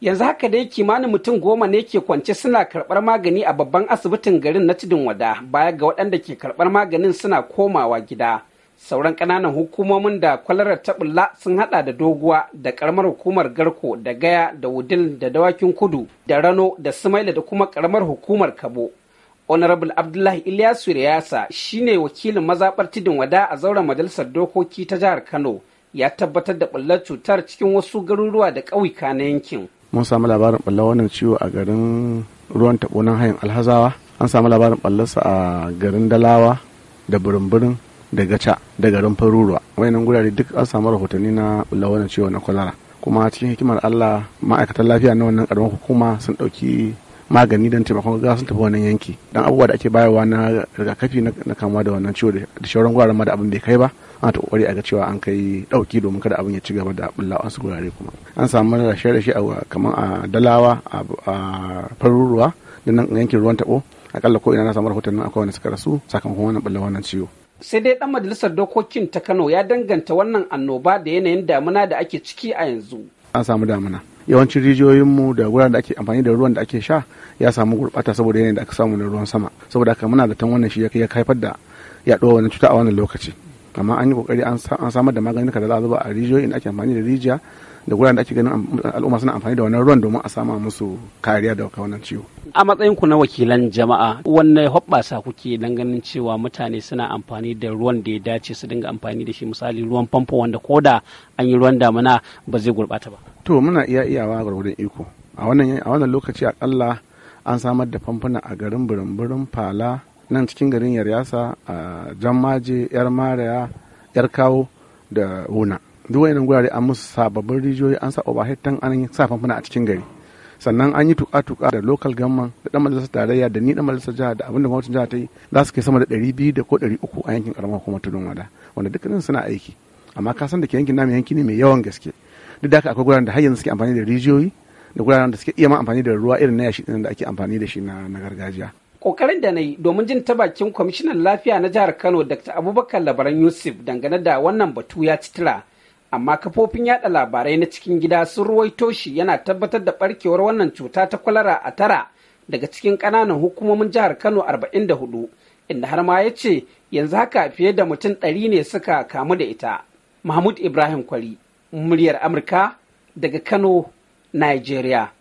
yanzu haka dai kimanin mutum goma ne ke kwance suna karɓar magani a babban asibitin garin na tudun wada baya ga waɗanda ke karɓar maganin suna komawa gida sauran ƙananan hukumomin da kwalarar bulla sun haɗa da doguwa da ƙaramar hukumar garko da gaya da wudil da dawakin kudu da rano da sumaila da kuma ƙaramar hukumar kabo honorable abdullahi ilyasu riyasa shine wakilin mazaɓar tudun wada a zauren majalisar dokoki ta jihar kano ya tabbatar da bullar cutar cikin wasu garuruwa da ƙauyuka na yankin mun samu labarin ɓalla wannan ciwo a garin ruwan taɓo na hayan alhazawa an samu labarin ɓallarsa a garin dalawa da burin da gaca da garin faruruwa wayannan gurare duk an samu rahotanni na ɓalla wannan ciwo na kwalara kuma cikin hikimar allah ma'aikatan lafiya na wannan ƙaramin hukuma sun ɗauki magani don taimakon za su tafi wannan yanki don abubuwa da ake bayarwa na rigakafi na kamuwa da wannan ciwo da shauran guraren ma da abin bai kai ba ana ta kokari a ga cewa an kai dauki domin kada abin ya ci gaba da bulla wasu gurare kuma an samu rashe rashe a kamar a dalawa a faruruwa da nan yankin ruwan tabo akalla ko ina na samu rahoton nan akwai wani suka rasu sakamakon wannan bulla wannan ciwo sai dai dan majalisar dokokin ta Kano ya danganta wannan annoba da yanayin damuna da ake ciki a yanzu an samu damina yawancin rijiyoyinmu da wuraren da ake amfani da ruwan da ake sha ya samu gurɓata saboda yanayin da aka samu na ruwan sama saboda haka muna zaton wannan shi ya haifar da yaɗuwar wannan cuta a wannan lokaci amma an yi kokari an samar da maganin da za a zuba a rijiyoyi inda ake amfani da rijiya da guraren da ake ganin al'umma suna amfani da wannan ruwan domin a sama musu kariya da wannan ciwo. A matsayin ku na wakilan jama'a, wanne hoɓɓasa kuke dan ganin cewa mutane suna amfani da ruwan da ya dace su dinga amfani da shi misali ruwan famfo wanda ko da an yi ruwan damuna ba zai gurɓata ba. To muna iya iyawa gwargwadon iko. A wannan a wannan lokaci akalla an samar da famfuna a garin birin fala nan cikin garin yaryasa a maje yar maraya yar kawo da wuna duk wani gurare an musu sababbin rijiyoyi an sa overhead tan an sa famfuna a cikin gari sannan an yi tuka-tuka da local gamman da dan majalisar tarayya da ni dan majalisar jiha da abinda gwamnatin jiha ta yi za su kai sama da 200 da ko 300 a yankin karamar hukumar tudun wada wanda dukkanin suna aiki amma ka san da ke yankin namu yanki ne mai yawan gaske duk da haka akwai guraren da har yanzu suke amfani da rijiyoyi da guraren da suke iya ma amfani da ruwa irin na yashi da ake amfani da shi na gargajiya kokarin da na yi domin jin ta bakin kwamishinan lafiya na jihar kano dr abubakar labaran yusuf dangane da wannan batu ya citira amma kafofin yada labarai na cikin gida sun ruwaito shi yana tabbatar da barkewar wannan cuta ta kwalara a tara daga cikin ƙananan hukumomin jihar kano 44 inda har ma ya ce yanzu haka fiye da mutum ɗari ne suka kamu da ita mahmud ibrahim kwari muryar amurka daga kano nigeria